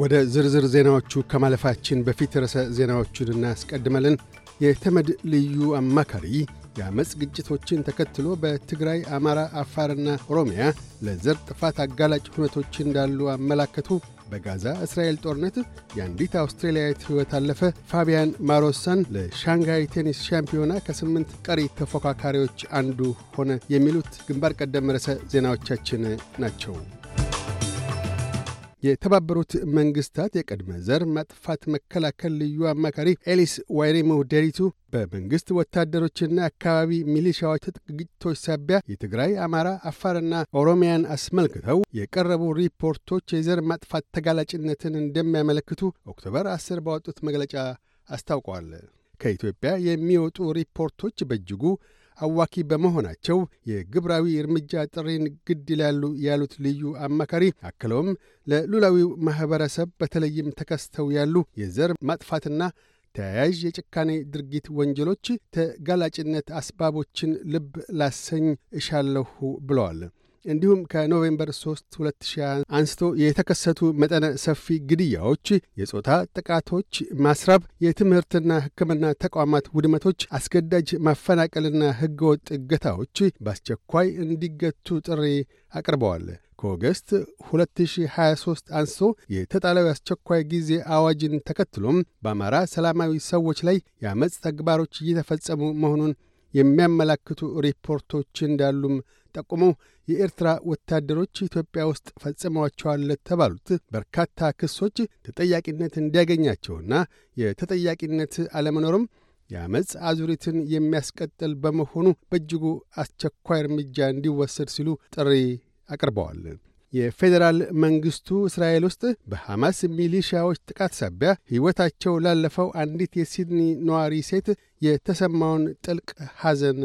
ወደ ዝርዝር ዜናዎቹ ከማለፋችን በፊት ርዕሰ ዜናዎቹን እናስቀድመልን። የተመድ ልዩ አማካሪ የአመፅ ግጭቶችን ተከትሎ በትግራይ፣ አማራ፣ አፋርና ኦሮሚያ ለዘር ጥፋት አጋላጭ ሁነቶች እንዳሉ አመላከቱ። በጋዛ እስራኤል ጦርነት የአንዲት አውስትሬልያዊት ሕይወት አለፈ። ፋቢያን ማሮሳን ለሻንጋይ ቴኒስ ሻምፒዮና ከስምንት ቀሪ ተፎካካሪዎች አንዱ ሆነ። የሚሉት ግንባር ቀደም ርዕሰ ዜናዎቻችን ናቸው። የተባበሩት መንግስታት የቅድመ ዘር ማጥፋት መከላከል ልዩ አማካሪ ኤሊስ ዋይሬሞ ደሪቱ በመንግስት ወታደሮችና አካባቢ ሚሊሻዎች ትጥቅ ግጭቶች ሳቢያ የትግራይ፣ አማራ፣ አፋርና ኦሮሚያን አስመልክተው የቀረቡ ሪፖርቶች የዘር ማጥፋት ተጋላጭነትን እንደሚያመለክቱ ኦክቶበር 10 ባወጡት መግለጫ አስታውቋል። ከኢትዮጵያ የሚወጡ ሪፖርቶች በእጅጉ አዋኪ በመሆናቸው የግብራዊ እርምጃ ጥሪን ግድ ይላሉ ያሉት ልዩ አማካሪ አክለውም ለሉላዊው ማኅበረሰብ በተለይም ተከስተው ያሉ የዘር ማጥፋትና ተያያዥ የጭካኔ ድርጊት ወንጀሎች ተጋላጭነት አስባቦችን ልብ ላሰኝ እሻለሁ ብለዋል። እንዲሁም ከኖቬምበር 3 2020 አንስቶ የተከሰቱ መጠነ ሰፊ ግድያዎች፣ የጾታ ጥቃቶች፣ ማስራብ፣ የትምህርትና ሕክምና ተቋማት ውድመቶች፣ አስገዳጅ ማፈናቀልና ሕገወጥ እገታዎች በአስቸኳይ እንዲገቱ ጥሪ አቅርበዋል። ከኦገስት 2023 አንስቶ የተጣለው አስቸኳይ ጊዜ አዋጅን ተከትሎም በአማራ ሰላማዊ ሰዎች ላይ የአመፅ ተግባሮች እየተፈጸሙ መሆኑን የሚያመላክቱ ሪፖርቶች እንዳሉም ጠቁመው የኤርትራ ወታደሮች ኢትዮጵያ ውስጥ ፈጽመዋቸዋል ተባሉት በርካታ ክሶች ተጠያቂነት እንዲያገኛቸውና የተጠያቂነት አለመኖርም የአመፅ አዙሪትን የሚያስቀጥል በመሆኑ በእጅጉ አስቸኳይ እርምጃ እንዲወሰድ ሲሉ ጥሪ አቅርበዋል። የፌዴራል መንግስቱ እስራኤል ውስጥ በሐማስ ሚሊሺያዎች ጥቃት ሳቢያ ሕይወታቸው ላለፈው አንዲት የሲድኒ ነዋሪ ሴት የተሰማውን ጥልቅ ሐዘን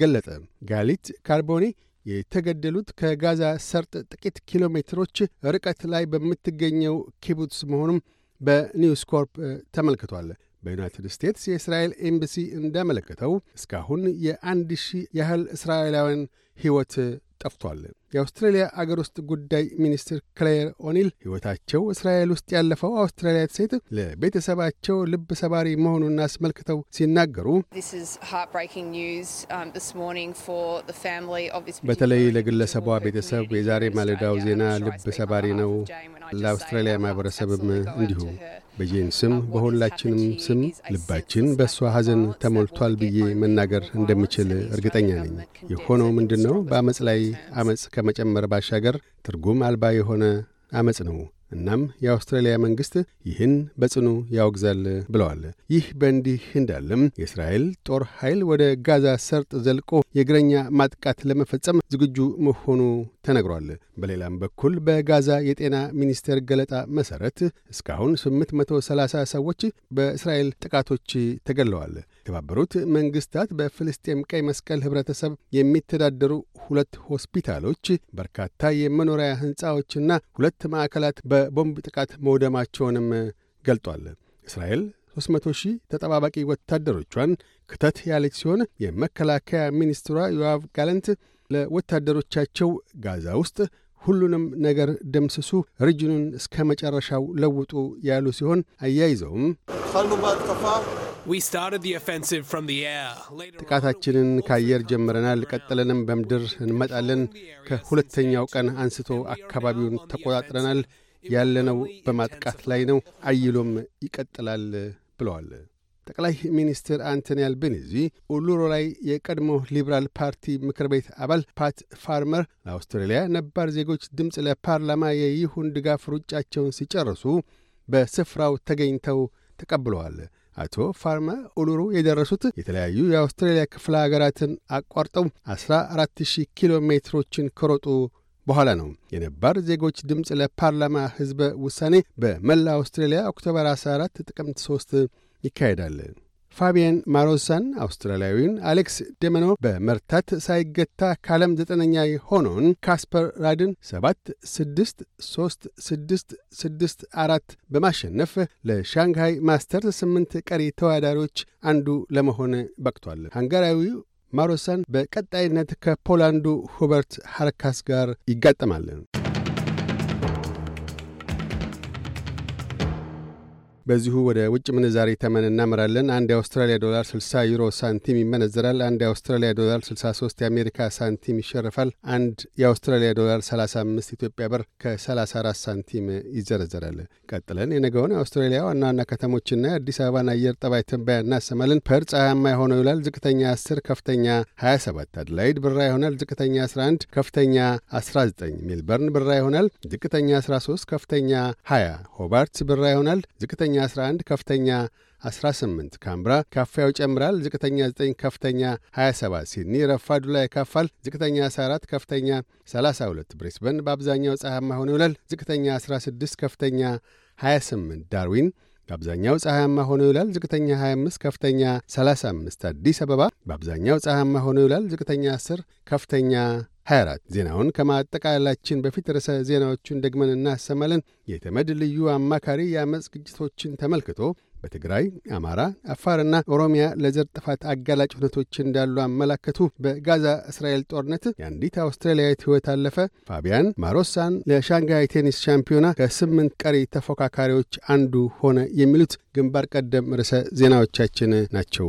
ገለጠ። ጋሊት ካርቦኒ የተገደሉት ከጋዛ ሰርጥ ጥቂት ኪሎ ሜትሮች ርቀት ላይ በምትገኘው ኪቡትስ መሆኑም በኒውስ ኮርፕ ተመልክቷል። በዩናይትድ ስቴትስ የእስራኤል ኤምባሲ እንዳመለከተው እስካሁን የአንድ ሺህ ያህል እስራኤላውያን ሕይወት ጠፍቷል። የአውስትራሊያ አገር ውስጥ ጉዳይ ሚኒስትር ክሌር ኦኒል ሕይወታቸው እስራኤል ውስጥ ያለፈው አውስትራሊያ ሴት ለቤተሰባቸው ልብ ሰባሪ መሆኑን አስመልክተው ሲናገሩ um, በተለይ ለግለሰቧ ቤተሰብ የዛሬ ማለዳው ዜና ልብ ሰባሪ ነው። ለአውስትራሊያ ማህበረሰብም እንዲሁ በጄን um, ስም በሁላችንም ስም ልባችን በእሷ ሐዘን ተሞልቷል ብዬ መናገር እንደምችል እርግጠኛ ነኝ። የሆነው ምንድን ነው? በአመፅ ላይ አመፅ መጨመር ባሻገር ትርጉም አልባ የሆነ አመፅ ነው። እናም የአውስትራሊያ መንግሥት ይህን በጽኑ ያወግዛል ብለዋል። ይህ በእንዲህ እንዳለም የእስራኤል ጦር ኃይል ወደ ጋዛ ሰርጥ ዘልቆ የእግረኛ ማጥቃት ለመፈጸም ዝግጁ መሆኑ ተነግሯል። በሌላም በኩል በጋዛ የጤና ሚኒስቴር ገለጣ መሠረት እስካሁን 830 ሰዎች በእስራኤል ጥቃቶች ተገድለዋል። የተባበሩት መንግሥታት በፍልስጤም ቀይ መስቀል ኅብረተሰብ የሚተዳደሩ ሁለት ሆስፒታሎች፣ በርካታ የመኖሪያ ሕንፃዎችና ሁለት ማዕከላት በ በቦምብ ጥቃት መውደማቸውንም ገልጧል። እስራኤል 300 ሺህ ተጠባባቂ ወታደሮቿን ክተት ያለች ሲሆን የመከላከያ ሚኒስትሯ ዮአቭ ጋለንት ለወታደሮቻቸው ጋዛ ውስጥ ሁሉንም ነገር ደምስሱ፣ ሪጅኑን እስከ መጨረሻው ለውጡ ያሉ ሲሆን አያይዘውም ጥቃታችንን ከአየር ጀምረናል። ቀጥለንም በምድር እንመጣለን። ከሁለተኛው ቀን አንስቶ አካባቢውን ተቆጣጥረናል። ያለነው በማጥቃት ላይ ነው፣ አይሎም ይቀጥላል ብለዋል። ጠቅላይ ሚኒስትር አንቶኒ አልቤኒዚ ኡሉሮ ላይ የቀድሞ ሊብራል ፓርቲ ምክር ቤት አባል ፓት ፋርመር ለአውስትራሊያ ነባር ዜጎች ድምፅ ለፓርላማ የይሁን ድጋፍ ሩጫቸውን ሲጨርሱ በስፍራው ተገኝተው ተቀብለዋል። አቶ ፋርመር ኡሉሩ የደረሱት የተለያዩ የአውስትራሊያ ክፍለ አገራትን አቋርጠው 14,000 ኪሎ ሜትሮችን ከሮጡ በኋላ ነው። የነባር ዜጎች ድምፅ ለፓርላማ ሕዝበ ውሳኔ በመላ አውስትራሊያ ኦክቶበር 14 ጥቅምት 3 ይካሄዳል። ፋቢያን ማሮሳን አውስትራሊያዊውን አሌክስ ደመኖ በመርታት ሳይገታ ከዓለም ዘጠነኛ የሆነውን ካስፐር ራድን 7 6 3 6 6 4 በማሸነፍ ለሻንግሃይ ማስተርስ ስምንት ቀሪ ተወዳዳሪዎች አንዱ ለመሆን በቅቷል። ሃንጋሪያዊው ማሮሰን በቀጣይነት ከፖላንዱ ሁበርት ሐርካስ ጋር ይጋጠማል። በዚሁ ወደ ውጭ ምንዛሪ ተመን እናመራለን። አንድ የአውስትራሊያ ዶላር 60 ዩሮ ሳንቲም ይመነዘራል። አንድ የአውስትራሊያ ዶላር 63 የአሜሪካ ሳንቲም ይሸርፋል። አንድ የአውስትራሊያ ዶላር 35 ኢትዮጵያ ብር ከ34 ሳንቲም ይዘረዘራል። ቀጥለን የነገውን የአውስትራሊያ ዋና ዋና ከተሞችና የአዲስ አበባን አየር ጠባይ ትንበያ እናሰማለን። ፐርዝ ፀሐያማ የሆነው ይውላል። ዝቅተኛ 10፣ ከፍተኛ 27። አድላይድ ብራ ይሆናል። ዝቅተኛ 11፣ ከፍተኛ 19። ሜልበርን ብራ ይሆናል። ዝቅተኛ 13፣ ከፍተኛ 20። ሆባርትስ ብራ ይሆናል። ዝቅተኛ ዝቅተኛ 11 ከፍተኛ 18 ካምብራ ካፋያው ጨምራል። ዝቅተኛ 9 ከፍተኛ 27 ሲድኒ ረፋዱ ላይ ያካፋል። ዝቅተኛ 14 ከፍተኛ 32 ብሬስበን በአብዛኛው ፀሐያማ ሆኖ ይውላል። ዝቅተኛ 16 ከፍተኛ 28 ዳርዊን በአብዛኛው ፀሐያማ ሆኖ ይውላል። ዝቅተኛ 25 ከፍተኛ 35 አዲስ አበባ በአብዛኛው ፀሐያማ ሆኖ ይውላል። ዝቅተኛ 10 ከፍተኛ 24 ዜናውን ከማጠቃላችን በፊት ርዕሰ ዜናዎቹን ደግመን እናሰማለን። የተመድ ልዩ አማካሪ የአመፅ ግጭቶችን ተመልክቶ በትግራይ፣ አማራ፣ አፋርና ኦሮሚያ ለዘር ጥፋት አጋላጭ ሁነቶች እንዳሉ አመላከቱ። በጋዛ እስራኤል ጦርነት የአንዲት አውስትራሊያዊት ሕይወት አለፈ። ፋቢያን ማሮሳን ለሻንጋይ ቴኒስ ሻምፒዮና ከስምንት ቀሪ ተፎካካሪዎች አንዱ ሆነ። የሚሉት ግንባር ቀደም ርዕሰ ዜናዎቻችን ናቸው።